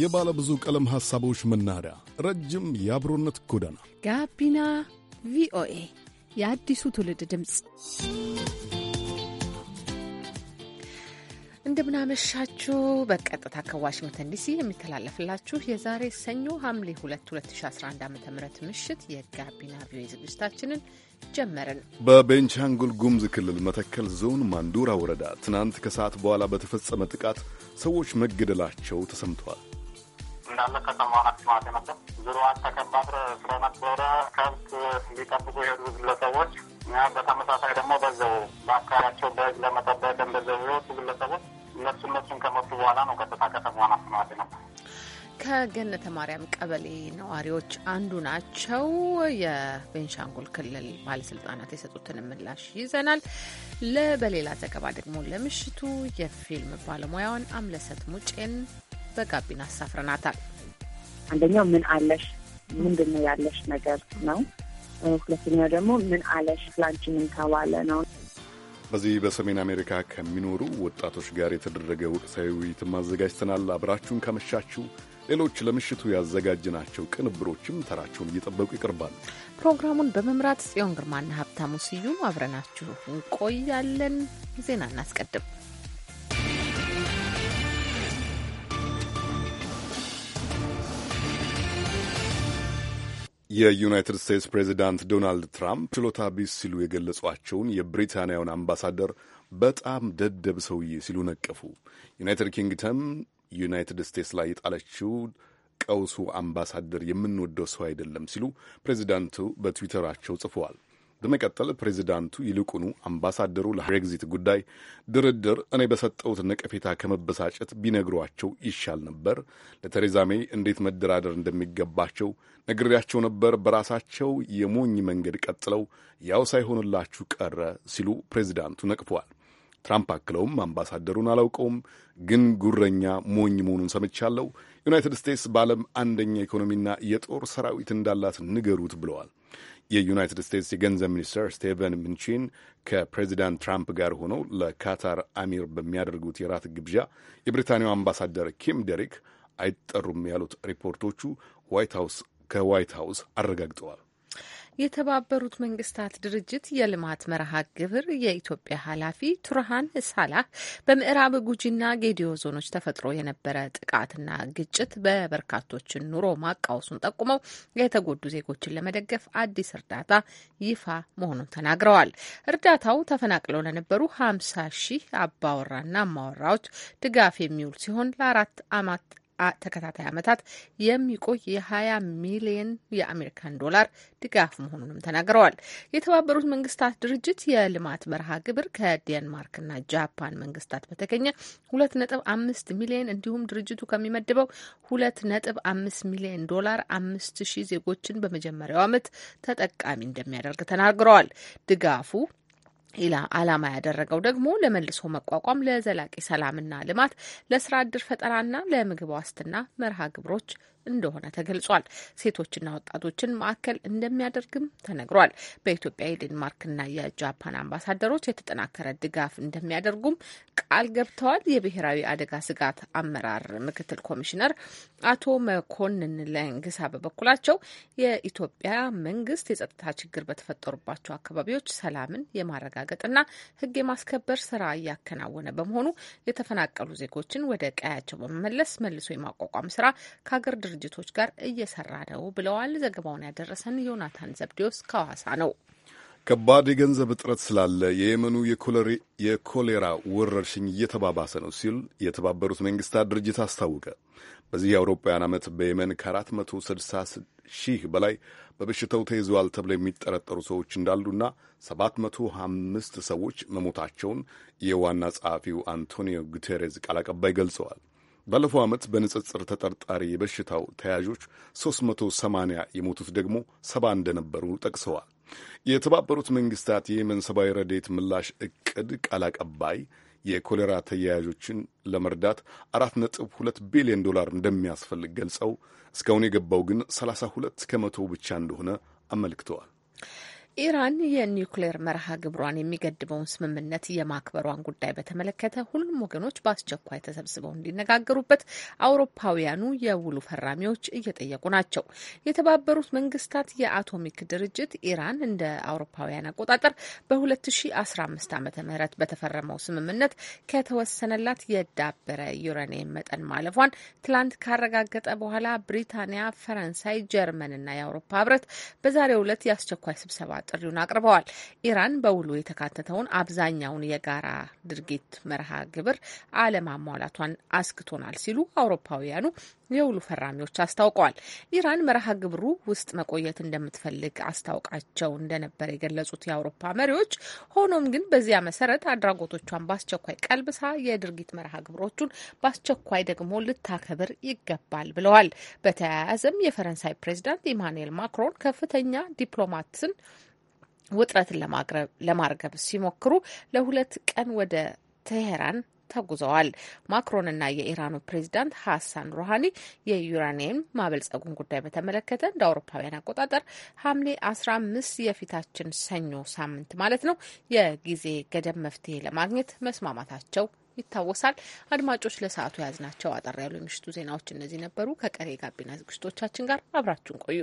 የባለ ብዙ ቀለም ሐሳቦች መናኸሪያ፣ ረጅም የአብሮነት ጎዳና ጋቢና ቪኦኤ የአዲሱ ትውልድ ድምፅ። እንደምናመሻችሁ በቀጥታ ከዋሽንግተን ዲሲ የሚተላለፍላችሁ የዛሬ ሰኞ ሐምሌ 2 2011 ዓ ም ምሽት የጋቢና ቪኦኤ ዝግጅታችንን ጀመርን። በቤንቻንጉል ጉሙዝ ክልል መተከል ዞን ማንዱራ ወረዳ ትናንት ከሰዓት በኋላ በተፈጸመ ጥቃት ሰዎች መገደላቸው ተሰምተዋል። እንዳለ ከተማ አክስማት የመጣው ዙሪዋን ተከባብረ ስለነበረ ከብት እንዲጠብቁ የሄዱ ግለሰቦች እና በተመሳሳይ ደግሞ በዘው በአካባቢያቸው በህግ ለመጠበቅ እንደዘው የወጡ ግለሰቦች እነሱ እነሱን ከመጡ በኋላ ነው ቀጥታ ከተማ አክስማት የመጣው። ከገነተ ማርያም ቀበሌ ነዋሪዎች አንዱ ናቸው። የቤንሻንጉል ክልል ባለስልጣናት የሰጡትን ምላሽ ይዘናል። በሌላ ዘገባ ደግሞ ለምሽቱ የፊልም ባለሙያውን አምለሰት ሙጬን በጋቢና አሳፍረናታል። አንደኛው ምን አለሽ ምንድን ነው ያለሽ ነገር ነው። ሁለተኛው ደግሞ ምን አለሽ ላንቺ ምን ተባለ ነው። በዚህ በሰሜን አሜሪካ ከሚኖሩ ወጣቶች ጋር የተደረገ ወቅታዊ ውይይትም አዘጋጅተናል። አብራችሁን ካመሻችሁ ሌሎች ለምሽቱ ያዘጋጅናቸው ቅንብሮችም ተራቸውን እየጠበቁ ይቀርባሉ። ፕሮግራሙን በመምራት ጽዮን ግርማና ሀብታሙ ስዩም አብረናችሁ እንቆያለን። ዜና እናስቀድም። የዩናይትድ ስቴትስ ፕሬዚዳንት ዶናልድ ትራምፕ ችሎታ ቢስ ሲሉ የገለጿቸውን የብሪታንያውን አምባሳደር በጣም ደደብ ሰውዬ ሲሉ ነቀፉ። ዩናይትድ ኪንግደም ዩናይትድ ስቴትስ ላይ የጣለችው ቀውሱ አምባሳደር የምንወደው ሰው አይደለም ሲሉ ፕሬዚዳንቱ በትዊተራቸው ጽፈዋል። በመቀጠል ፕሬዚዳንቱ ይልቁኑ አምባሳደሩ ለብሬግዚት ጉዳይ ድርድር እኔ በሰጠሁት ነቀፌታ ከመበሳጨት ቢነግሯቸው ይሻል ነበር። ለቴሬዛ ሜይ እንዴት መደራደር እንደሚገባቸው ነግሬያቸው ነበር። በራሳቸው የሞኝ መንገድ ቀጥለው ያው ሳይሆንላችሁ ቀረ ሲሉ ፕሬዚዳንቱ ነቅፈዋል። ትራምፕ አክለውም አምባሳደሩን አላውቀውም፣ ግን ጉረኛ ሞኝ መሆኑን ሰምቻለሁ። ዩናይትድ ስቴትስ በዓለም አንደኛ ኢኮኖሚና የጦር ሰራዊት እንዳላት ንገሩት ብለዋል። የዩናይትድ ስቴትስ የገንዘብ ሚኒስትር ስቴቨን ምንቺን ከፕሬዚዳንት ትራምፕ ጋር ሆነው ለካታር አሚር በሚያደርጉት የራት ግብዣ የብሪታንያው አምባሳደር ኪም ዴሪክ አይጠሩም ያሉት ሪፖርቶቹ ዋይት ሀውስ ከዋይት ሀውስ አረጋግጠዋል። የተባበሩት መንግስታት ድርጅት የልማት መርሃ ግብር የኢትዮጵያ ኃላፊ ቱርሃን ሳላህ በምዕራብ ጉጂና ጌዲዮ ዞኖች ተፈጥሮ የነበረ ጥቃትና ግጭት በበርካቶችን ኑሮ ማቃወሱን ጠቁመው የተጎዱ ዜጎችን ለመደገፍ አዲስ እርዳታ ይፋ መሆኑን ተናግረዋል። እርዳታው ተፈናቅለው ለነበሩ ሀምሳ ሺህ አባወራና አማወራዎች ድጋፍ የሚውል ሲሆን ለአራት አማት ተከታታይ ዓመታት የሚቆይ የ20 ሚሊዮን የአሜሪካን ዶላር ድጋፍ መሆኑንም ተናግረዋል። የተባበሩት መንግስታት ድርጅት የልማት መርሃ ግብር ከዴንማርክና ጃፓን መንግስታት በተገኘ 2.5 ሚሊየን እንዲሁም ድርጅቱ ከሚመድበው 2.5 ሚሊዮን ዶላር 5000 ዜጎችን በመጀመሪያው ዓመት ተጠቃሚ እንደሚያደርግ ተናግረዋል። ድጋፉ ኢላ ዓላማ ያደረገው ደግሞ ለመልሶ መቋቋም፣ ለዘላቂ ሰላምና ልማት፣ ለስራ እድር ፈጠራና ለምግብ ዋስትና መርሃ ግብሮች እንደሆነ ተገልጿል። ሴቶችና ወጣቶችን ማዕከል እንደሚያደርግም ተነግሯል። በኢትዮጵያ የዴንማርክና የጃፓን አምባሳደሮች የተጠናከረ ድጋፍ እንደሚያደርጉም ቃል ገብተዋል። የብሔራዊ አደጋ ስጋት አመራር ምክትል ኮሚሽነር አቶ መኮንን ለእንግሳ በበኩላቸው የኢትዮጵያ መንግስት የጸጥታ ችግር በተፈጠሩባቸው አካባቢዎች ሰላምን የማረጋገጥና ሕግ የማስከበር ስራ እያከናወነ በመሆኑ የተፈናቀሉ ዜጎችን ወደ ቀያቸው በመመለስ መልሶ የማቋቋም ስራ ከሀገር ድርጅቶች ጋር እየሰራ ነው ብለዋል። ዘገባውን ያደረሰን ዮናታን ዘብዴዎስ ከሐዋሳ ነው። ከባድ የገንዘብ እጥረት ስላለ የየመኑ የኮሌራ ወረርሽኝ እየተባባሰ ነው ሲል የተባበሩት መንግስታት ድርጅት አስታወቀ። በዚህ የአውሮፓውያን ዓመት በየመን ከ460 ሺህ በላይ በበሽታው ተይዘዋል ተብለው የሚጠረጠሩ ሰዎች እንዳሉና 705 ሰዎች መሞታቸውን የዋና ጸሐፊው አንቶኒዮ ጉቴሬዝ ቃል አቀባይ ገልጸዋል። ባለፈው ዓመት በንጽጽር ተጠርጣሪ የበሽታው ተያዦች 380 የሞቱት ደግሞ ሰባ እንደነበሩ ጠቅሰዋል። የተባበሩት መንግስታት የየመን ሰብአዊ ረዴት ምላሽ እቅድ ቃል አቀባይ የኮሌራ ተያያዦችን ለመርዳት 4.2 ቢሊዮን ዶላር እንደሚያስፈልግ ገልጸው እስካሁን የገባው ግን 32 ከመቶ ብቻ እንደሆነ አመልክተዋል። ኢራን የኒውክሌር መርሃ ግብሯን የሚገድበውን ስምምነት የማክበሯን ጉዳይ በተመለከተ ሁሉም ወገኖች በአስቸኳይ ተሰብስበው እንዲነጋገሩበት አውሮፓውያኑ የውሉ ፈራሚዎች እየጠየቁ ናቸው። የተባበሩት መንግስታት የአቶሚክ ድርጅት ኢራን እንደ አውሮፓውያን አቆጣጠር በ2015 ዓ ም በተፈረመው ስምምነት ከተወሰነላት የዳበረ ዩራኒየም መጠን ማለፏን ትላንት ካረጋገጠ በኋላ ብሪታንያ፣ ፈረንሳይ፣ ጀርመንና የአውሮፓ ህብረት በዛሬው ዕለት የአስቸኳይ ስብሰባ ጥሪውን አቅርበዋል። ኢራን በውሉ የተካተተውን አብዛኛውን የጋራ ድርጊት መርሃ ግብር አለማሟላቷን አስክቶናል ሲሉ አውሮፓውያኑ የውሉ ፈራሚዎች አስታውቀዋል። ኢራን መርሃ ግብሩ ውስጥ መቆየት እንደምትፈልግ አስታውቃቸው እንደነበር የገለጹት የአውሮፓ መሪዎች፣ ሆኖም ግን በዚያ መሰረት አድራጎቶቿን በአስቸኳይ ቀልብሳ የድርጊት መርሃ ግብሮቹን በአስቸኳይ ደግሞ ልታከብር ይገባል ብለዋል። በተያያዘም የፈረንሳይ ፕሬዚዳንት ኢማኑኤል ማክሮን ከፍተኛ ዲፕሎማትን ውጥረትን ለማርገብ ሲሞክሩ ለሁለት ቀን ወደ ቴሄራን ተጉዘዋል። ማክሮንና የኢራኑ ፕሬዚዳንት ሀሳን ሩሃኒ የዩራኒየም ማበልጸጉን ጉዳይ በተመለከተ እንደ አውሮፓውያን አቆጣጠር ሐምሌ አስራ አምስት የፊታችን ሰኞ ሳምንት ማለት ነው የጊዜ ገደብ መፍትሄ ለማግኘት መስማማታቸው ይታወሳል። አድማጮች ለሰዓቱ የያዝናቸው አጠር ያሉ የምሽቱ ዜናዎች እነዚህ ነበሩ። ከቀሪ የጋቢና ዝግጅቶቻችን ጋር አብራችሁን ቆዩ።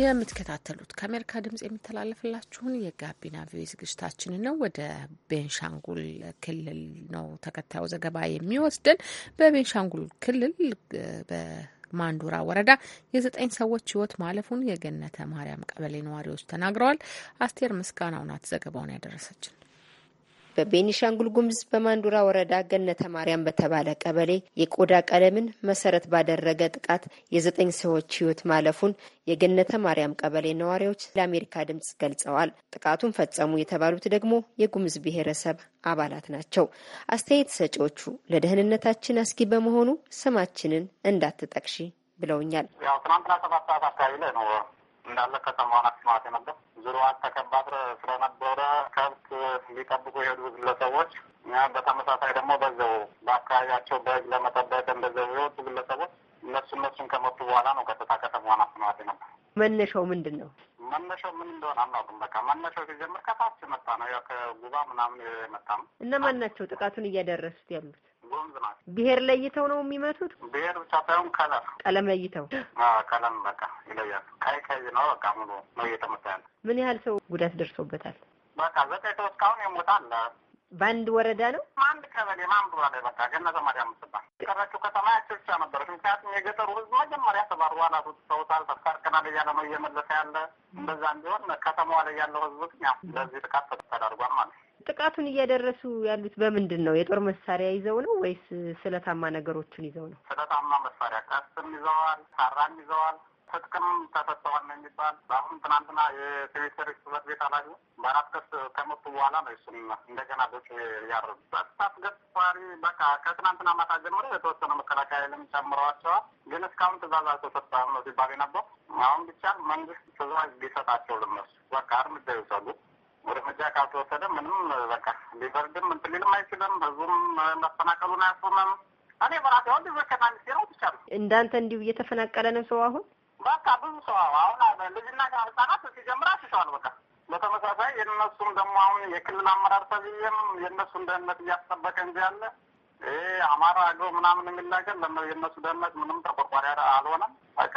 የምትከታተሉት ከአሜሪካ ድምጽ የሚተላለፍላችሁን የጋቢና ቪኦኤ ዝግጅታችንን ነው። ወደ ቤንሻንጉል ክልል ነው ተከታዩ ዘገባ የሚወስደን። በቤንሻንጉል ክልል በማንዱራ ወረዳ የዘጠኝ ሰዎች ህይወት ማለፉን የገነተ ማርያም ቀበሌ ነዋሪዎች ተናግረዋል። አስቴር ምስጋናው ናት ዘገባውን ያደረሰችን። በቤኒሻንጉል ጉምዝ በማንዱራ ወረዳ ገነተ ማርያም በተባለ ቀበሌ የቆዳ ቀለምን መሰረት ባደረገ ጥቃት የዘጠኝ ሰዎች ሕይወት ማለፉን የገነተ ማርያም ቀበሌ ነዋሪዎች ለአሜሪካ ድምጽ ገልጸዋል። ጥቃቱን ፈጸሙ የተባሉት ደግሞ የጉምዝ ብሔረሰብ አባላት ናቸው። አስተያየት ሰጪዎቹ ለደህንነታችን አስጊ በመሆኑ ስማችንን እንዳትጠቅሺ ብለውኛል። ያው ትናንትና ሰባት ሰዓት አካባቢ ላይ ነው እንዳለ ከተማዋን አስማት ነበር። ዙሪያዋን ተከባብረ ስለነበረ ከብት ሊጠብቁ የሄዱ ግለሰቦች፣ በተመሳሳይ ደግሞ በዘው በአካባቢያቸው በህግ ለመጠበቅ እንደዘው የወጡ ግለሰቦች እነሱ እነሱን ከመቱ በኋላ ነው ቀጥታ ከተማዋን አስማት ነበር። መነሻው ምንድን ነው? መነሻው ምን እንደሆነ አናውቅም። በቃ መነሻው ሲጀምር ከታች መጣ ነው፣ ከጉባ ምናምን የመጣ ነው። እነማን ናቸው ጥቃቱን እያደረሱት ያሉት? ወንዝ ናት። ለይተው ነው የሚመቱት? ብሔር ብቻ ሳይሆን ከለር ቀለም ለይተው ቀለም በቃ ይለያል። ቀይ ቀይ ነው በቃ ሙሉ ነው እየተመታ ያለ። ምን ያህል ሰው ጉዳት ደርሶበታል? በቃ ዘጠኝ ሰው እስካሁን የሞታ በአንድ ወረዳ ነው አንድ ቀበሌ ማንድ ወረዳ በቃ ገነዘ ማርያም ምትባል ቀረችው ከተማ ያቸው ብቻ ነበረች። ምክንያቱም የገጠሩ ህዝብ መጀመሪያ ተባሯላ ሰውታል ተፍካር ቀና ላይ ያለ ነው እየመለሰ ያለ እንደዛ እንዲሆን ከተማዋ ላይ ያለው ህዝብ ግን ያው ለዚህ ጥቃት ተዳርጓል ማለት ነው ጥቃቱን እያደረሱ ያሉት በምንድን ነው? የጦር መሳሪያ ይዘው ነው ወይስ ስለታማ ነገሮችን ይዘው ነው? ስለታማ መሳሪያ ቀስም ይዘዋል፣ ሳራም ይዘዋል፣ ትጥቅም ተሰጥተዋል ነው የሚባል። በአሁኑ ትናንትና የሲቪል ሰርቪስ ቤት አላዩ በአራት ቀስ ከመጡ በኋላ ነው እሱም እንደገና ቦጭ ያረጉበት አስገባሪ። በቃ ከትናንትና ማታ ጀምሮ የተወሰነ መከላከያ ኃይልም ጨምረዋቸዋል። ግን እስካሁን ትእዛዝ አልተሰጠም ነው ሲባል ነበር። አሁን ብቻ መንግስት ትእዛዝ ቢሰጣቸው ልነሱ በቃ እርምጃ ይውሰዱ እርምጃ ካልተወሰደ ምንም በቃ ሊበርድም እንትልልም አይችልም። ህዝቡም መፈናቀሉን አያስቆምም። እኔ በራሴ አሁን ልጆች ከማንስ ነው ብቻ እንዳንተ እንዲሁ እየተፈናቀለ ነው ሰው አሁን በቃ ብዙ ሰው አሁን ልጅና ህጻናት ሲጀምር አሽሸዋል በቃ በተመሳሳይ የነሱም ደግሞ አሁን የክልል አመራር ተብዬም የእነሱን ደህንነት እያስጠበቀ እንጂ ያለ አማራ አገው ምናምን የሚላገል የእነሱ ደህንነት ምንም ተቆርቋሪ አልሆነም። በቃ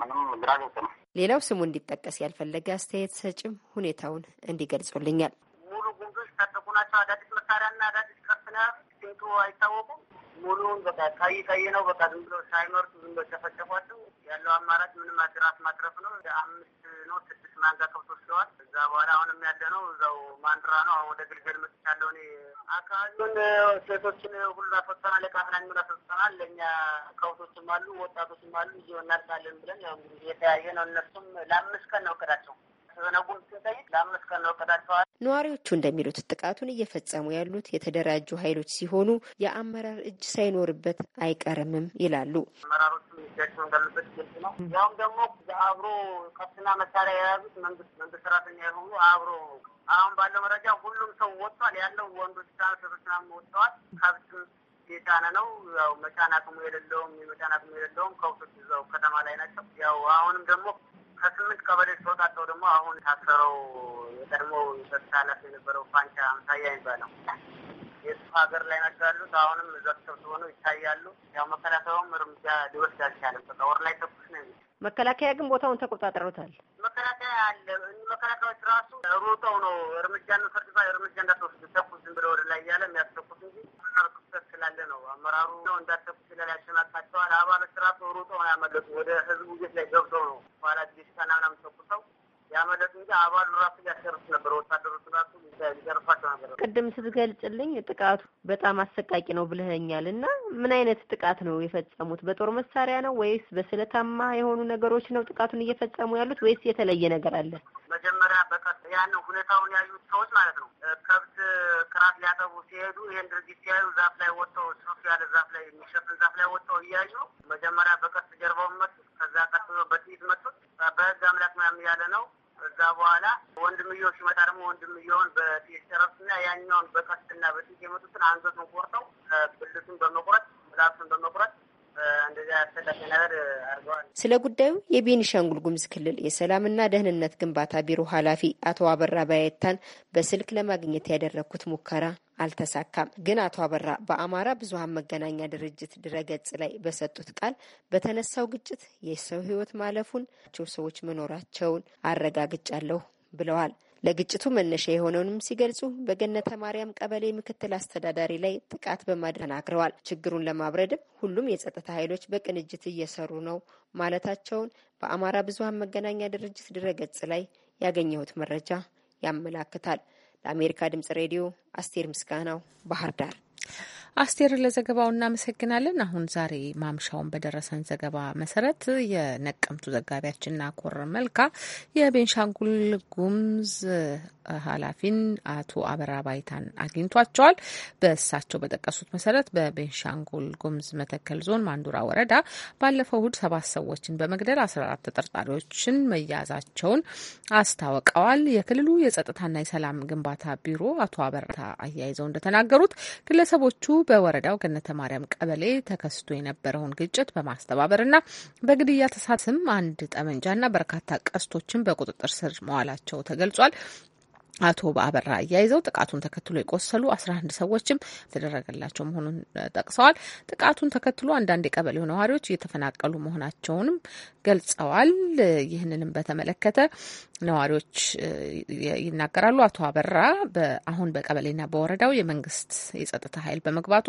ምንም ግራ ገብቶ ነው ሌላው ስሙ እንዲጠቀስ ያልፈለገ አስተያየት ሰጭም ሁኔታውን እንዲገልጹልኛል። ሙሉ ጉንዶች ታጠቁ ናቸው። አዳዲስ መሳሪያና አዳዲስ ቀስና ሲንቱ አይታወቁም። ሙሉውን በቃ ቀይ ቀይ ነው። በቃ ዝም ብሎ ሳይመርጡ ዝም ብሎ ጨፈጨፏቸው። ያለው አማራጭ ምንም አድራት ማትረፍ ነው። አምስት ነው ማንጋ ከብቶች ሲሆን እዛ በኋላ አሁንም ያለ ነው እዛው ማንድራ ነው። አሁን ወደ ግልገል መጥቻለሁ እኔ አካባቢውን ሴቶችን ሁሉ አስወጥተናል። የካፍና ሚሆን አስወጥተናል። ለእኛ ከብቶችም አሉ ወጣቶችም አሉ እየሆናልታለን ብለን ያው እንግዲህ የተያየ ነው። እነሱም ለአምስት ቀን ነው እቅዳቸው ህዝብነጉን ስንጠይቅ ለአምስት ቀን ነው ወቅዳቸዋል። ነዋሪዎቹ እንደሚሉት ጥቃቱን እየፈጸሙ ያሉት የተደራጁ ኃይሎች ሲሆኑ የአመራር እጅ ሳይኖርበት አይቀርምም ይላሉ። አመራሮቹ እጃቸው እንዳለበት ግልጽ ነው። ያውም ደግሞ አብሮ ከብትና መሳሪያ የያዙት መንግስት መንግስት ሰራተኛ የሆኑ አብሮ አሁን ባለው መረጃ ሁሉም ሰው ወጥቷል። ያለው ወንዶች ሴቶችናም ወጥተዋል። ከብትም የጫነ ነው። ያው መጫን አቅሙ የሌለውም የመጫን አቅሙ የሌለውም ከብቶች እዛው ከተማ ላይ ናቸው። ያው አሁንም ደግሞ ከስምንት ቀበሌ ተወጣጠው ደግሞ አሁን የታሰረው የቀድሞ የጸጥታ ኃላፊ የነበረው ፋንቻ አምሳያ ይባለው የሱ ሀገር ላይ ናቸው ያሉት። አሁንም እዛ ተሰብስበው ነው ይታያሉ። ያው መከላከያውም እርምጃ ሊወስድ አልቻለም። በቃ ወር ላይ ተኩስ ነው የሚል መከላከያ ግን ቦታውን ተቆጣጠሩታል። መከላከያ አለ። መከላከያዎች ራሱ ሮጠው ነው እርምጃ ነው እንውሰድ እርምጃ እንዳትወስድ ተኩስ ዝም ብለው ወደ ላይ እያለ የሚያስተኩስ እንጂ ያፈጠር ክፍተት ስላለ ነው። አመራሩ ነው እንዳሰቡ ስላል ያሸናቃቸዋል። አባላት ስርዓት ሩጦ ነው ያመለጡ። ወደ ህዝቡ ቤት ላይ ገብተው ነው በኋላ ዲሽታና ምናምን ተኩሰው ያመለጡ እንጂ አባሉ ራሱ ሊያሸርፍ ነበር። ወታደሮች ራሱ ሊገርፋቸው ነበር። ቅድም ስትገልጽልኝ ጥቃቱ በጣም አሰቃቂ ነው ብለኸኛል እና ምን አይነት ጥቃት ነው የፈጸሙት? በጦር መሳሪያ ነው ወይስ በስለታማ የሆኑ ነገሮች ነው ጥቃቱን እየፈጸሙ ያሉት ወይስ የተለየ ነገር አለ? ያንን ሁኔታውን ያዩት ሰዎች ማለት ነው ከብት ክራት ሊያጠቡ ሲሄዱ ይህን ድርጊት ሲያዩ ዛፍ ላይ ወጥተው ሱፍ ያለ ዛፍ ላይ የሚሸፍን ዛፍ ላይ ወጥተው እያዩ መጀመሪያ በቀስ ጀርባውን መጡት። ከዛ ቀጥሎ በጥይት መጡት። በህግ አምላክ ምናምን ያለ ነው። እዛ በኋላ ወንድምየው ሲመጣ ደግሞ ወንድምየውን በጥይት ጨረሱና ያኛውን በቀስትና በጥይት የመጡትን አንገቱን ቆርጠው ብልቱን በመቁረጥ ምላሱን በመቁረጥ ስለ ጉዳዩ የቤኒሻንጉል ጉሙዝ ክልል የሰላምና ደህንነት ግንባታ ቢሮ ኃላፊ አቶ አበራ ባየታን በስልክ ለማግኘት ያደረግኩት ሙከራ አልተሳካም። ግን አቶ አበራ በአማራ ብዙሀን መገናኛ ድርጅት ድረገጽ ላይ በሰጡት ቃል በተነሳው ግጭት የሰው ህይወት ማለፉን ሰዎች መኖራቸውን አረጋግጫለሁ ብለዋል። ለግጭቱ መነሻ የሆነውንም ሲገልጹ በገነተ ማርያም ቀበሌ ምክትል አስተዳዳሪ ላይ ጥቃት በማድረግ ተናግረዋል። ችግሩን ለማብረድም ሁሉም የጸጥታ ኃይሎች በቅንጅት እየሰሩ ነው ማለታቸውን በአማራ ብዙሀን መገናኛ ድርጅት ድረገጽ ላይ ያገኘሁት መረጃ ያመላክታል። ለአሜሪካ ድምጽ ሬዲዮ አስቴር ምስጋናው ባህር ዳር አስቴር ለዘገባው እናመሰግናለን። አሁን ዛሬ ማምሻውን በደረሰን ዘገባ መሰረት የነቀምቱ ዘጋቢያችንና ኮር መልካ የቤንሻንጉል ጉምዝ ኃላፊን አቶ አበራ ባይታን አግኝቷቸዋል። በእሳቸው በጠቀሱት መሰረት በቤንሻንጉል ጉምዝ መተከል ዞን ማንዱራ ወረዳ ባለፈው እሁድ ሰባት ሰዎችን በመግደል አስራ አራት ተጠርጣሪዎችን መያዛቸውን አስታውቀዋል። የክልሉ የጸጥታና የሰላም ግንባታ ቢሮ አቶ አበራ አያይዘው እንደተናገሩት ግለሰቦቹ በወረዳው ገነተ ማርያም ቀበሌ ተከስቶ የነበረውን ግጭት በማስተባበርና በግድያ ተሳትም አንድ ጠመንጃና በርካታ ቀስቶችን በቁጥጥር ስር መዋላቸው ተገልጿል። አቶ በአበራ አያይዘው ጥቃቱን ተከትሎ የቆሰሉ አስራ አንድ ሰዎችም የተደረገላቸው መሆኑን ጠቅሰዋል። ጥቃቱን ተከትሎ አንዳንድ የቀበሌው ነዋሪዎች እየተፈናቀሉ መሆናቸውንም ገልጸዋል። ይህንንም በተመለከተ ነዋሪዎች ይናገራሉ። አቶ አበራ አሁን በቀበሌና በወረዳው የመንግስት የጸጥታ ኃይል በመግባቱ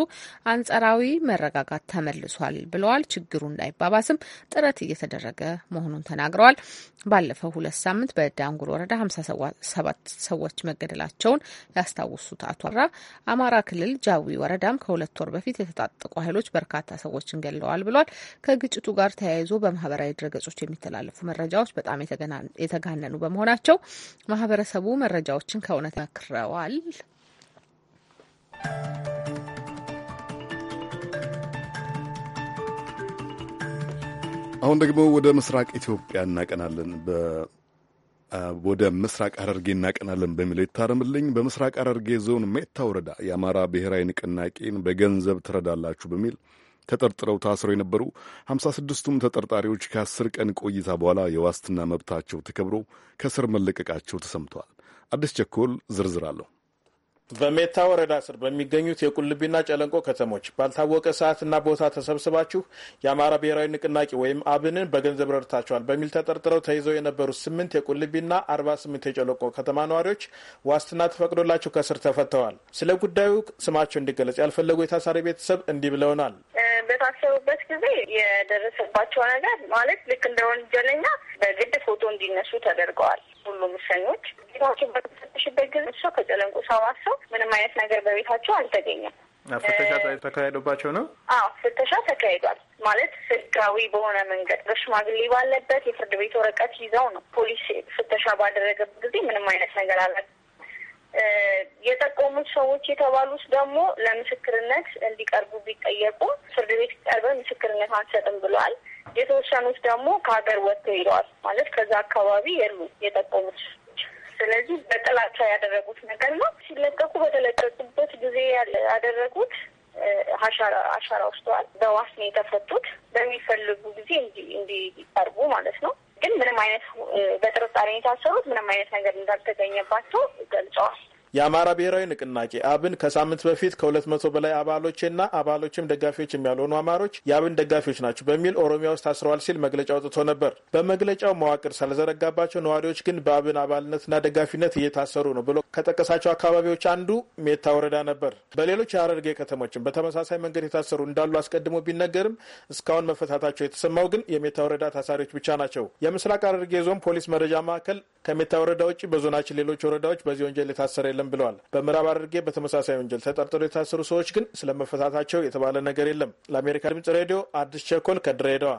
አንጸራዊ መረጋጋት ተመልሷል ብለዋል። ችግሩ እንዳይባባስም ጥረት እየተደረገ መሆኑን ተናግረዋል። ባለፈው ሁለት ሳምንት በዳንጉር ወረዳ ሀምሳ ሰባት ሰ ሰዎች መገደላቸውን ያስታውሱት አቶ አራ አማራ ክልል ጃዊ ወረዳም ከሁለት ወር በፊት የተጣጠቁ ኃይሎች በርካታ ሰዎችን ገለዋል ብሏል። ከግጭቱ ጋር ተያይዞ በማህበራዊ ድረገጾች የሚተላለፉ መረጃዎች በጣም የተጋነኑ በመሆናቸው ማህበረሰቡ መረጃዎችን ከእውነት መክረዋል። አሁን ደግሞ ወደ ምስራቅ ኢትዮጵያ እናቀናለን። ወደ ምስራቅ ሐረርጌ እናቀናለን በሚለው ይታረምልኝ። በምስራቅ ሐረርጌ ዞን ሜታ ወረዳ የአማራ ብሔራዊ ንቅናቄን በገንዘብ ትረዳላችሁ በሚል ተጠርጥረው ታስረው የነበሩ 56 ስድስቱም ተጠርጣሪዎች ከአስር ቀን ቆይታ በኋላ የዋስትና መብታቸው ተከብሮ ከስር መለቀቃቸው ተሰምተዋል። አዲስ ቸኮል ዝርዝር አለሁ በሜታ ወረዳ ስር በሚገኙት የቁልቢና ጨለንቆ ከተሞች ባልታወቀ ሰዓትና ቦታ ተሰብስባችሁ የአማራ ብሔራዊ ንቅናቄ ወይም አብንን በገንዘብ ረድታችኋል በሚል ተጠርጥረው ተይዘው የነበሩት ስምንት የቁልቢና አርባ ስምንት የጨለንቆ ከተማ ነዋሪዎች ዋስትና ተፈቅዶላቸው ከስር ተፈተዋል። ስለ ጉዳዩ ስማቸው እንዲገለጽ ያልፈለጉ የታሳሪ ቤተሰብ እንዲህ ብለውናል። በታሰሩበት ጊዜ የደረሰባቸው ነገር ማለት ልክ እንደ ወንጀለኛ በግድ ፎቶ እንዲነሱ ተደርገዋል። ሁሉም እስረኞች ቤታቸው በተፈተሽበት ጊዜ እሷ ከጨለንቁ ሰባት ምንም አይነት ነገር በቤታቸው አልተገኘም። ፍተሻ ተካሄዶባቸው ነው? አዎ ፍተሻ ተካሂዷል። ማለት ህጋዊ በሆነ መንገድ በሽማግሌ ባለበት የፍርድ ቤት ወረቀት ይዘው ነው ፖሊስ ፍተሻ ባደረገበት ጊዜ ምንም አይነት ነገር አለ የጠቆሙት ሰዎች የተባሉት ደግሞ ለምስክርነት እንዲቀርቡ ቢጠየቁ ፍርድ ቤት ቀርበን ምስክርነት አንሰጥም ብለዋል። የተወሰኑት ደግሞ ከሀገር ወጥተው ሄደዋል። ማለት ከዛ አካባቢ የሉ የጠቆሙት። ስለዚህ በጥላቻ ያደረጉት ነገር ነው። ሲለቀቁ በተለቀቁበት ጊዜ ያደረጉት አሻራ ውስተዋል በዋስ ነው የተፈቱት። በሚፈልጉ ጊዜ እንዲቀርቡ ማለት ነው። ግን ምንም አይነት በጥርጣሬ የታሰሩት ምንም አይነት ነገር እንዳልተገኘባቸው ገልጸዋል። የአማራ ብሔራዊ ንቅናቄ አብን ከሳምንት በፊት ከሁለት መቶ በላይ አባሎችና አባሎችም ደጋፊዎች የሚያልሆኑ አማሮች የአብን ደጋፊዎች ናቸው በሚል ኦሮሚያ ውስጥ ታስረዋል ሲል መግለጫ አውጥቶ ነበር። በመግለጫው መዋቅር ስለዘረጋባቸው ነዋሪዎች ግን በአብን አባልነትና ደጋፊነት እየታሰሩ ነው ብሎ ከጠቀሳቸው አካባቢዎች አንዱ ሜታ ወረዳ ነበር። በሌሎች የሀረርጌ ከተሞችም በተመሳሳይ መንገድ የታሰሩ እንዳሉ አስቀድሞ ቢነገርም እስካሁን መፈታታቸው የተሰማው ግን የሜታ ወረዳ ታሳሪዎች ብቻ ናቸው። የምስራቅ ሐረርጌ ዞን ፖሊስ መረጃ ማዕከል ከሜታ ወረዳ ውጭ በዞናችን ሌሎች ወረዳዎች በዚህ ወንጀል የታሰረ እንሰራለን ብለዋል። በምዕራብ አድርጌ በተመሳሳይ ወንጀል ተጠርጥረው የታሰሩ ሰዎች ግን ስለመፈታታቸው የተባለ ነገር የለም። ለአሜሪካ ድምጽ ሬዲዮ አዲስ ቸኮል ከድሬዳዋ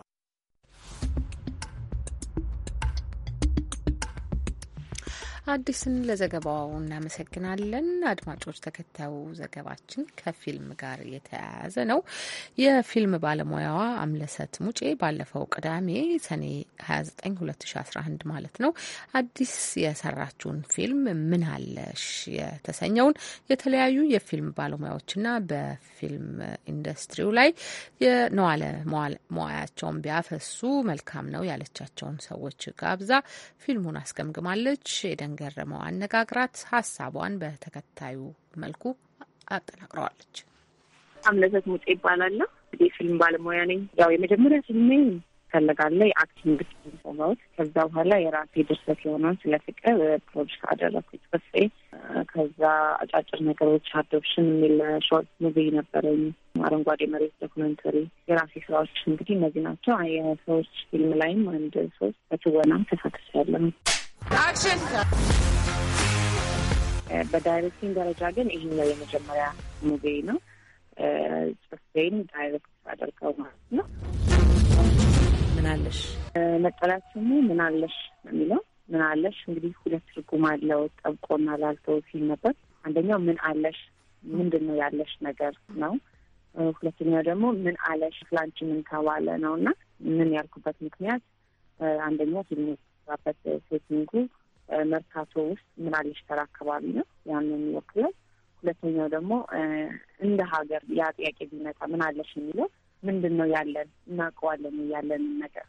አዲስን ለዘገባው እናመሰግናለን። አድማጮች፣ ተከታዩ ዘገባችን ከፊልም ጋር የተያያዘ ነው። የፊልም ባለሙያዋ አምለሰት ሙጬ ባለፈው ቅዳሜ ሰኔ 29 2011 ማለት ነው አዲስ የሰራችውን ፊልም ምን አለሽ የተሰኘውን የተለያዩ የፊልም ባለሙያዎችና በፊልም ኢንዱስትሪው ላይ የነዋለ መዋያቸውን ቢያፈሱ መልካም ነው ያለቻቸውን ሰዎች ጋብዛ ፊልሙን አስገምግማለች። ኤደን ገረመው አነጋግራት ሀሳቧን በተከታዩ መልኩ አጠናቅረዋለች። አምለሰት ሙጤ ይባላለሁ። የፊልም ባለሙያ ነኝ። ያው የመጀመሪያ ፊልሜ ፈለጋለ የአክቲንግ ሰማሁት። ከዛ በኋላ የራሴ ድርሰት የሆነውን ስለ ፍቅር ፕሮጀክት አደረኩት ጽፌ። ከዛ አጫጭር ነገሮች አዶፕሽን የሚል ሾርት ሙቪ ነበረኝ፣ አረንጓዴ መሬት ዶክመንተሪ፣ የራሴ ስራዎች እንግዲህ እነዚህ ናቸው። የሰዎች ፊልም ላይም አንድ ሶስት በትወናም ተሳትፌያለሁ። Eh, በዳይሬክቲንግ ደረጃ ግን ይህኛው የመጀመሪያ ሙቪ ነው። eh, ጽፌን ዳይሬክት አደርገው ማለት ነው። ምናለሽ eh, መጠሪያ ስሙ ምናለሽ ነው የሚለው። ምናለሽ እንግዲህ ሁለት ትርጉም አለው። ጠብቆና ላልተው ሲል ነበር። አንደኛው ምን አለሽ ምንድን ነው ያለሽ ነገር ነው። ሁለተኛው ደግሞ ምን አለሽ ላንቺ ምን ተባለ ነው እና ምን ያልኩበት ምክንያት አንደኛው ፊልም የተሰራበት ሴቲንጉ መርካቶ ውስጥ ምናሌ ሽተራ አካባቢ ነው ያን የሚወክለው። ሁለተኛው ደግሞ እንደ ሀገር ያ ጥያቄ ቢመጣ ምን አለሽ የሚለው ምንድን ነው ያለን እናውቀዋለን ያለንን ነገር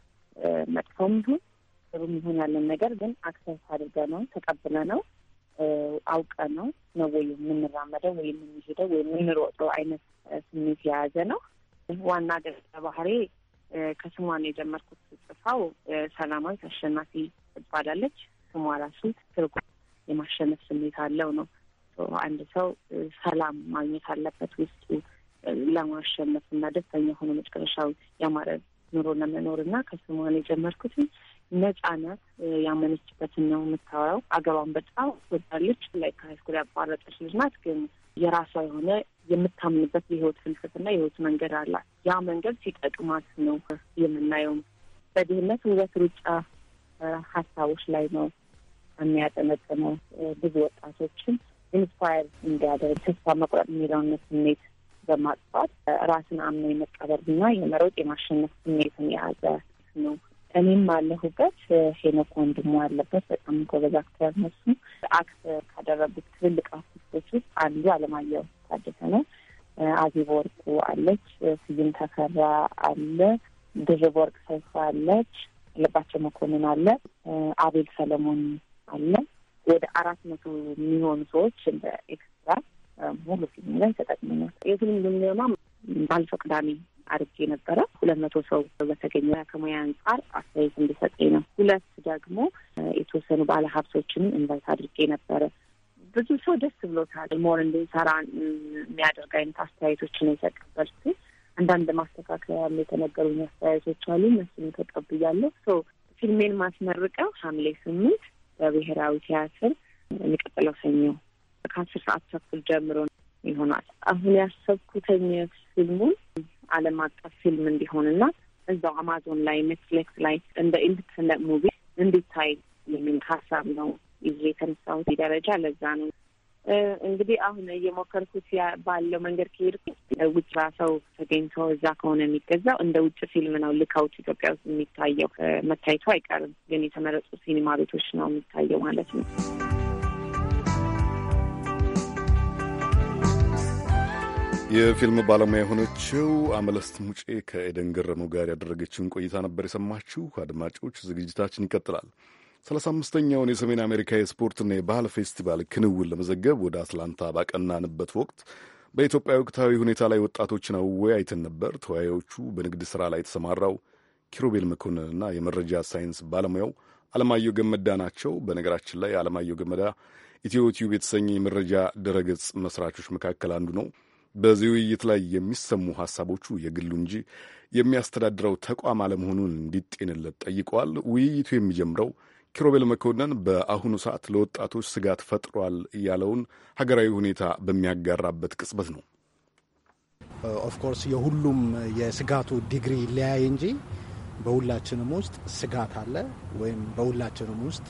መጥፎም ይሁን ጥሩም ይሁን ያለን ነገር ግን አክሰስ አድርገ ነው ተቀብለ ነው አውቀ ነው ነው ወይ የምንራመደው ወይ የምንሄደው ወይ የምንሮጠው አይነት ስሜት የያዘ ነው። ዋና ገጸ ባህሬ ከስሟን የጀመርኩት ጽፋው ሰላማዊት አሸናፊ ትባላለች። ስሟ ራሱ ትርጉም የማሸነፍ ስሜት አለው ነው። አንድ ሰው ሰላም ማግኘት አለበት ውስጡ ለማሸነፍ እና ደስተኛ ሆኖ መጨረሻው ያማረ ኑሮ ለመኖር እና ከስሟን የጀመርኩትን ነጻነት ያመነችበትን ነው የምታወራው። አገባን በጣም ወዳለች ላይ ከሃይስኩል ያቋረጠች ልጅ ናት ግን የራሷ የሆነ የምታምንበት የህይወት ፍልስፍና የህይወት መንገድ አላት። ያ መንገድ ሲጠቅማት ነው የምናየው። በድህነት ውበት ሩጫ ሀሳቦች ላይ ነው የሚያጠነጥነው ብዙ ወጣቶችን ኢንስፓየር እንዲያደርግ ተስፋ መቁረጥ የሚለውን ስሜት በማጥፋት ራስን አምኖ የመቀበልና የመረውጥ የማሸነፍ ስሜትን የያዘ ነው። እኔም አለሁበት። ሄኖክ ወንድሞ ያለበት በጣም ጎበዝ አክተር። እነሱ አክት ካደረጉት ትልልቅ አርቲስቶች ውስጥ አንዱ አለማየሁ ታደሰ ነው። አዜብ ወርቁ አለች፣ ስዩም ተፈራ አለ፣ ድርብ ወርቅ ሰይፉ አለች፣ ልባቸው መኮንን አለ፣ አቤል ሰለሞን አለ። ወደ አራት መቶ የሚሆኑ ሰዎች እንደ ኤክስትራ ሙሉ ፊልም ላይ ተጠቅመናል። የፊልም ግምገማ ባለፈው ቅዳሜ አድርጌ ነበረ። ሁለት መቶ ሰው በተገኘ ከሙያ አንጻር አስተያየት እንዲሰጠኝ ነው። ሁለት ደግሞ የተወሰኑ ባለሀብቶችን ሀብቶችንም ኢንቫይት አድርጌ ነበረ። ብዙ ሰው ደስ ብሎታል። ሞር እንድንሰራ የሚያደርግ አይነት አስተያየቶች ነው የተቀበልኩት አንዳንድ ማስተካከያ ያሉ የተነገሩኝ አስተያየቶች አሉ። እነሱን ተቀብያለሁ። ፊልሜን ማስመርቀው ሐምሌ ስምንት በብሔራዊ ቲያትር የሚቀጥለው ሰኞ ከአስር ሰዓት ተኩል ጀምሮ ይሆናል። አሁን ያሰብኩትኝ ፊልሙን ዓለም አቀፍ ፊልም እንዲሆንና እዛው አማዞን ላይ ኔትፍሊክስ ላይ እንደ ኢንዲፐንደንት ሙቪ እንዲታይ የሚል ሀሳብ ነው ይዤ የተነሳሁት ደረጃ ለዛ ነው። እንግዲህ አሁን እየሞከርኩት ባለው መንገድ ከሄድኩት ውጭ ራሰው ተገኝቶ እዛ ከሆነ የሚገዛው እንደ ውጭ ፊልም ነው ልካውት ኢትዮጵያ ውስጥ የሚታየው መታየቱ አይቀርም፣ ግን የተመረጡ ሲኒማ ቤቶች ነው የሚታየው ማለት ነው። የፊልም ባለሙያ የሆነችው አመለስት ሙጬ ከኤደን ገረመው ጋር ያደረገችውን ቆይታ ነበር የሰማችሁ። አድማጮች፣ ዝግጅታችን ይቀጥላል። ሰላሳ አምስተኛውን የሰሜን አሜሪካ የስፖርትና የባህል ፌስቲቫል ክንውን ለመዘገብ ወደ አትላንታ ባቀናንበት ወቅት በኢትዮጵያ ወቅታዊ ሁኔታ ላይ ወጣቶችን አወያይተን ነበር። ተወያዮቹ በንግድ ሥራ ላይ የተሰማራው ኪሩቤል መኮንንና የመረጃ ሳይንስ ባለሙያው አለማየሁ ገመዳ ናቸው። በነገራችን ላይ አለማየሁ ገመዳ ኢትዮ የተሰኘ የመረጃ ድረገጽ መስራቾች መካከል አንዱ ነው። በዚህ ውይይት ላይ የሚሰሙ ሀሳቦቹ የግሉ እንጂ የሚያስተዳድረው ተቋም አለመሆኑን እንዲጤንለት ጠይቀዋል። ውይይቱ የሚጀምረው ኪሮቤል መኮንን በአሁኑ ሰዓት ለወጣቶች ስጋት ፈጥሯል ያለውን ሀገራዊ ሁኔታ በሚያጋራበት ቅጽበት ነው። ኦፍኮርስ የሁሉም የስጋቱ ዲግሪ ሊያይ እንጂ በሁላችንም ውስጥ ስጋት አለ ወይም በሁላችንም ውስጥ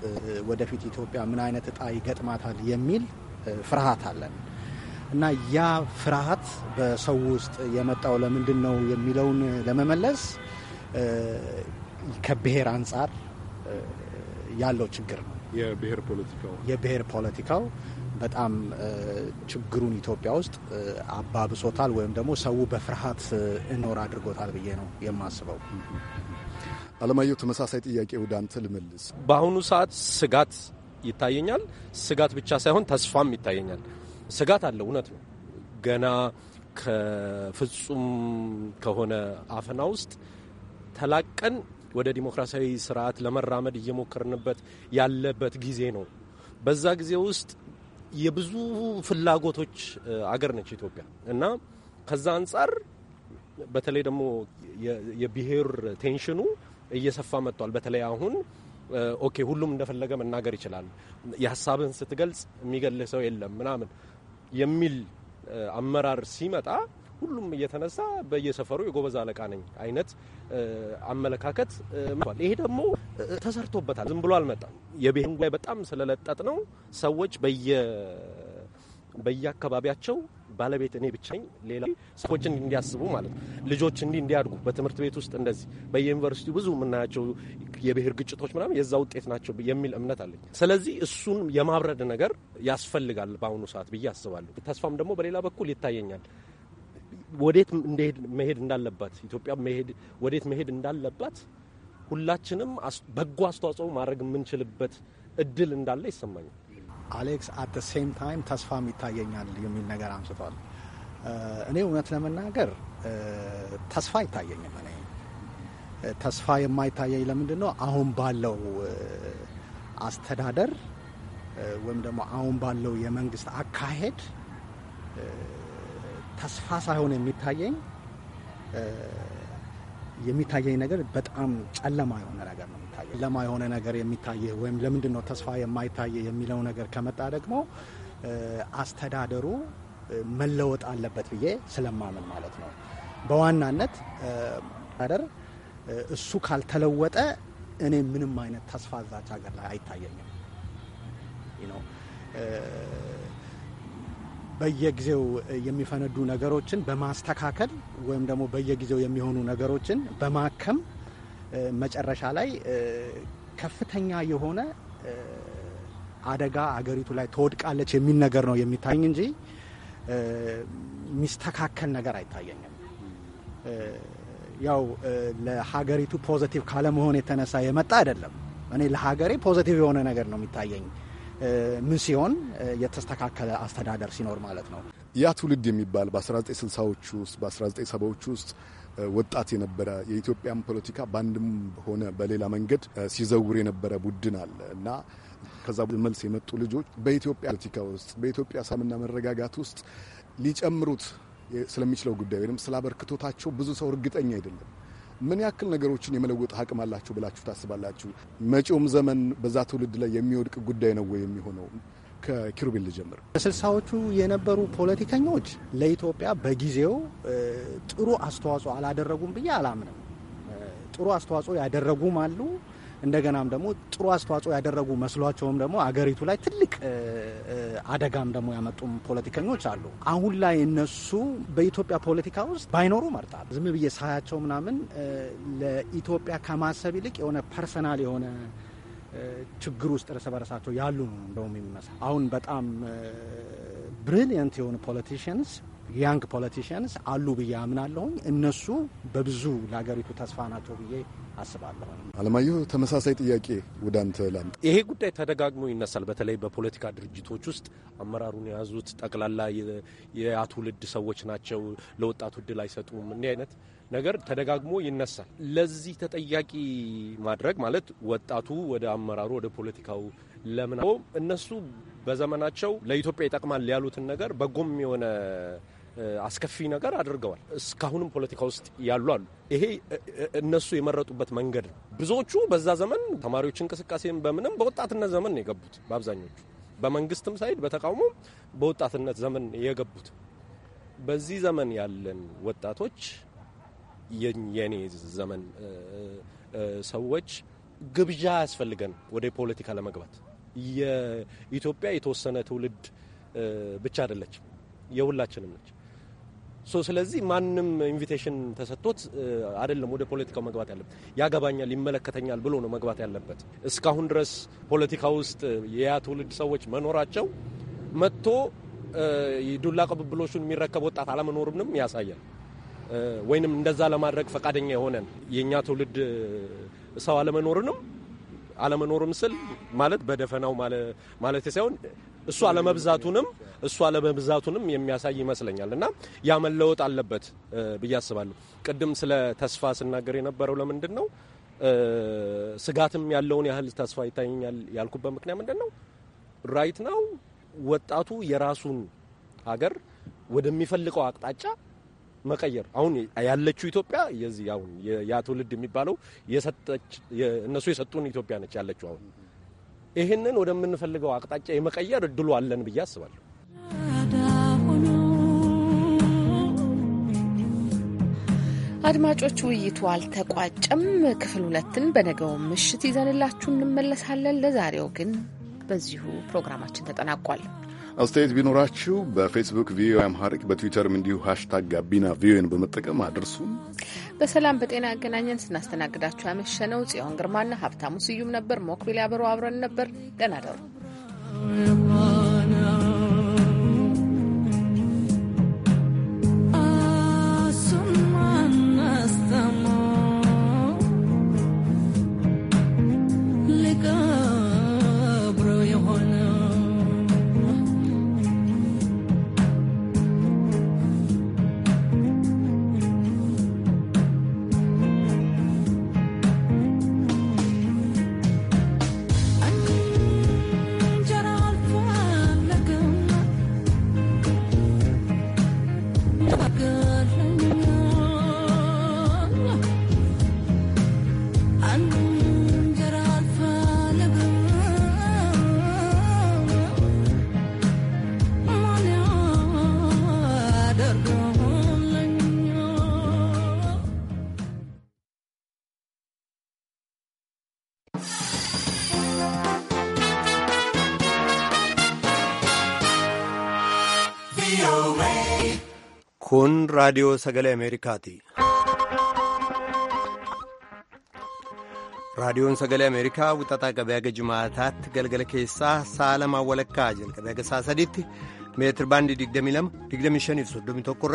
ወደፊት ኢትዮጵያ ምን አይነት እጣ ይገጥማታል የሚል ፍርሃት አለን እና ያ ፍርሃት በሰው ውስጥ የመጣው ለምንድን ነው የሚለውን ለመመለስ ከብሔር አንጻር ያለው ችግር ነው። የብሔር ፖለቲካው የብሔር ፖለቲካው በጣም ችግሩን ኢትዮጵያ ውስጥ አባብሶታል ወይም ደግሞ ሰው በፍርሃት እኖር አድርጎታል ብዬ ነው የማስበው። አለማየሁ፣ ተመሳሳይ ጥያቄ ወደ አንተ ልመልስ። በአሁኑ ሰዓት ስጋት ይታየኛል። ስጋት ብቻ ሳይሆን ተስፋም ይታየኛል። ስጋት አለ፣ እውነት ነው። ገና ከፍጹም ከሆነ አፈና ውስጥ ተላቀን ወደ ዲሞክራሲያዊ ስርዓት ለመራመድ እየሞከርንበት ያለበት ጊዜ ነው። በዛ ጊዜ ውስጥ የብዙ ፍላጎቶች አገር ነች ኢትዮጵያ እና ከዛ አንጻር በተለይ ደግሞ የብሔር ቴንሽኑ እየሰፋ መጥቷል። በተለይ አሁን ኦኬ ሁሉም እንደፈለገ መናገር ይችላል፣ የሀሳብህን ስትገልጽ የሚገልህ ሰው የለም ምናምን የሚል አመራር ሲመጣ ሁሉም እየተነሳ በየሰፈሩ የጎበዝ አለቃ ነኝ አይነት አመለካከት መጥቷል። ይሄ ደግሞ ተሰርቶበታል፣ ዝም ብሎ አልመጣም። የብሔርን ጉዳይ በጣም ስለለጠጥ ነው ሰዎች በየ በየአካባቢያቸው ባለቤት እኔ ብቻ ነኝ፣ ሌላ ሰዎችን እንዲያስቡ ማለት ነው። ልጆች እንዲህ እንዲያድጉ በትምህርት ቤት ውስጥ እንደዚህ በየዩኒቨርሲቲ ብዙ የምናያቸው የብሔር ግጭቶች ምናምን የዛ ውጤት ናቸው የሚል እምነት አለኝ። ስለዚህ እሱን የማብረድ ነገር ያስፈልጋል በአሁኑ ሰዓት ብዬ አስባለሁ። ተስፋም ደግሞ በሌላ በኩል ይታየኛል። ወዴት መሄድ እንዳለባት ኢትዮጵያ ወዴት መሄድ እንዳለባት ሁላችንም በጎ አስተዋጽኦ ማድረግ የምንችልበት እድል እንዳለ ይሰማኛል። አሌክስ አት ሴም ታይም ተስፋም ይታየኛል የሚል ነገር አንስቷል። እኔ እውነት ለመናገር ተስፋ አይታየኝም። እኔ ተስፋ የማይታየኝ ለምንድን ነው? አሁን ባለው አስተዳደር ወይም ደግሞ አሁን ባለው የመንግስት አካሄድ ተስፋ ሳይሆን የሚታየኝ የሚታየኝ ነገር በጣም ጨለማ የሆነ ነገር ነው የሚታየ ጨለማ የሆነ ነገር የሚታየ ወይም ለምንድን ነው ተስፋ የማይታየ የሚለው ነገር ከመጣ ደግሞ አስተዳደሩ መለወጥ አለበት ብዬ ስለማምን ማለት ነው። በዋናነት አስተዳደር እሱ ካልተለወጠ እኔ ምንም አይነት ተስፋ እዛች ሀገር ላይ አይታየኝም በየጊዜው የሚፈነዱ ነገሮችን በማስተካከል ወይም ደግሞ በየጊዜው የሚሆኑ ነገሮችን በማከም መጨረሻ ላይ ከፍተኛ የሆነ አደጋ አገሪቱ ላይ ትወድቃለች የሚል ነገር ነው የሚታየኝ እንጂ የሚስተካከል ነገር አይታየኝም። ያው ለሀገሪቱ ፖዘቲቭ ካለመሆን የተነሳ የመጣ አይደለም። እኔ ለሀገሬ ፖዘቲቭ የሆነ ነገር ነው የሚታየኝ ምን ሲሆን የተስተካከለ አስተዳደር ሲኖር ማለት ነው። ያ ትውልድ የሚባል በ1960ዎቹ ውስጥ በ1970ዎቹ ውስጥ ወጣት የነበረ የኢትዮጵያን ፖለቲካ በአንድም ሆነ በሌላ መንገድ ሲዘውር የነበረ ቡድን አለ እና ከዛ መልስ የመጡ ልጆች በኢትዮጵያ ፖለቲካ ውስጥ በኢትዮጵያ ሰላምና መረጋጋት ውስጥ ሊጨምሩት ስለሚችለው ጉዳይ ወይም ስላበርክቶታቸው ብዙ ሰው እርግጠኛ አይደለም። ምን ያክል ነገሮችን የመለወጥ አቅም አላችሁ ብላችሁ ታስባላችሁ? መጪውም ዘመን በዛ ትውልድ ላይ የሚወድቅ ጉዳይ ነው ወይ የሚሆነው? ከኪሩቤል ልጀምር። በስልሳዎቹ የነበሩ ፖለቲከኞች ለኢትዮጵያ በጊዜው ጥሩ አስተዋጽኦ አላደረጉም ብዬ አላምንም። ጥሩ አስተዋጽኦ ያደረጉም አሉ፣ እንደገናም ደግሞ ጥሩ አስተዋጽኦ ያደረጉ መስሏቸውም ደግሞ አገሪቱ ላይ ትልቅ አደጋም ደግሞ ያመጡም ፖለቲከኞች አሉ። አሁን ላይ እነሱ በኢትዮጵያ ፖለቲካ ውስጥ ባይኖሩ መርጣል። ዝም ብዬ ሳያቸው ምናምን ለኢትዮጵያ ከማሰብ ይልቅ የሆነ ፐርሰናል የሆነ ችግር ውስጥ እርስ በርሳቸው ያሉ ነው እንደውም የሚመስል አሁን በጣም ብሪሊየንት የሆኑ ፖለቲሽንስ ያንግ ፖለቲሽንስ አሉ ብዬ አምናለሁኝ። እነሱ በብዙ ለሀገሪቱ ተስፋ ናቸው ብዬ አስባለሁ። አለማየሁ፣ ተመሳሳይ ጥያቄ ወደ አንተ ላም ይሄ ጉዳይ ተደጋግሞ ይነሳል። በተለይ በፖለቲካ ድርጅቶች ውስጥ አመራሩን የያዙት ጠቅላላ የትውልድ ሰዎች ናቸው፣ ለወጣቱ እድል አይሰጡም። እንዲህ አይነት ነገር ተደጋግሞ ይነሳል። ለዚህ ተጠያቂ ማድረግ ማለት ወጣቱ ወደ አመራሩ ወደ ፖለቲካው ለምን እነሱ በዘመናቸው ለኢትዮጵያ ይጠቅማል ያሉትን ነገር በጎም የሆነ አስከፊ ነገር አድርገዋል። እስካሁንም ፖለቲካ ውስጥ ያሉ አሉ። ይሄ እነሱ የመረጡበት መንገድ ነው። ብዙዎቹ በዛ ዘመን ተማሪዎች እንቅስቃሴም በምንም በወጣትነት ዘመን ነው የገቡት። በአብዛኞቹ በመንግስትም ሳይድ በተቃውሞ በወጣትነት ዘመን የገቡት። በዚህ ዘመን ያለን ወጣቶች የኔ ዘመን ሰዎች ግብዣ ያስፈልገን ወደ ፖለቲካ ለመግባት የኢትዮጵያ የተወሰነ ትውልድ ብቻ አይደለች የሁላችንም ነች። ሶ ስለዚህ ማንም ኢንቪቴሽን ተሰጥቶት አይደለም ወደ ፖለቲካው መግባት ያለበት። ያገባኛል፣ ይመለከተኛል ብሎ ነው መግባት ያለበት። እስካሁን ድረስ ፖለቲካ ውስጥ የያ ትውልድ ሰዎች መኖራቸው መጥቶ ዱላ ቅብብሎቹን የሚረከብ ወጣት አለመኖርንም ያሳያል። ወይንም እንደዛ ለማድረግ ፈቃደኛ የሆነን የእኛ ትውልድ ሰው አለመኖርንም አለመኖርም ስል ማለት በደፈናው ማለት ሳይሆን እሱ አለመብዛቱንም እሱ አለመብዛቱንም የሚያሳይ ይመስለኛል እና ያ መለወጥ አለበት ብዬ አስባለሁ። ቅድም ስለ ተስፋ ስናገር የነበረው ለምንድን ነው ስጋትም ያለውን ያህል ተስፋ ይታየኛል ያልኩበት ምክንያት ምንድን ነው? ራይት ናው ወጣቱ የራሱን ሀገር ወደሚፈልቀው አቅጣጫ መቀየር አሁን ያለችው ኢትዮጵያ የዚህ አሁን ያ ትውልድ የሚባለው እነሱ የሰጡን ኢትዮጵያ ነች ያለችው። አሁን ይህንን ወደምንፈልገው አቅጣጫ የመቀየር እድሉ አለን ብዬ አስባለሁ። አድማጮች ውይይቱ አልተቋጨም። ክፍል ሁለትን በነገው ምሽት ይዘንላችሁ እንመለሳለን። ለዛሬው ግን በዚሁ ፕሮግራማችን ተጠናቋል። አስተያየት ቢኖራችሁ በፌስቡክ ቪኦኤ አምሃሪክ በትዊተርም እንዲሁ ሃሽታግ ጋቢና ቪኦኤን በመጠቀም አድርሱ። በሰላም በጤና ያገናኘን። ስናስተናግዳችሁ ያመሸነው ጽዮን ግርማና ሀብታሙ ስዩም ነበር። ሞክቢል ያበሩ አብረን ነበር። ደህና ደሩ። Kun raadiyoo sagalee Ameerikaati. Raadiyoon sagalee Ameerikaa wixataa qabee aga jimaataatti galgala keessaa sa'a lamaan walakkaa jalqabee haga sa'a sadiitti meetir baandii 22, 25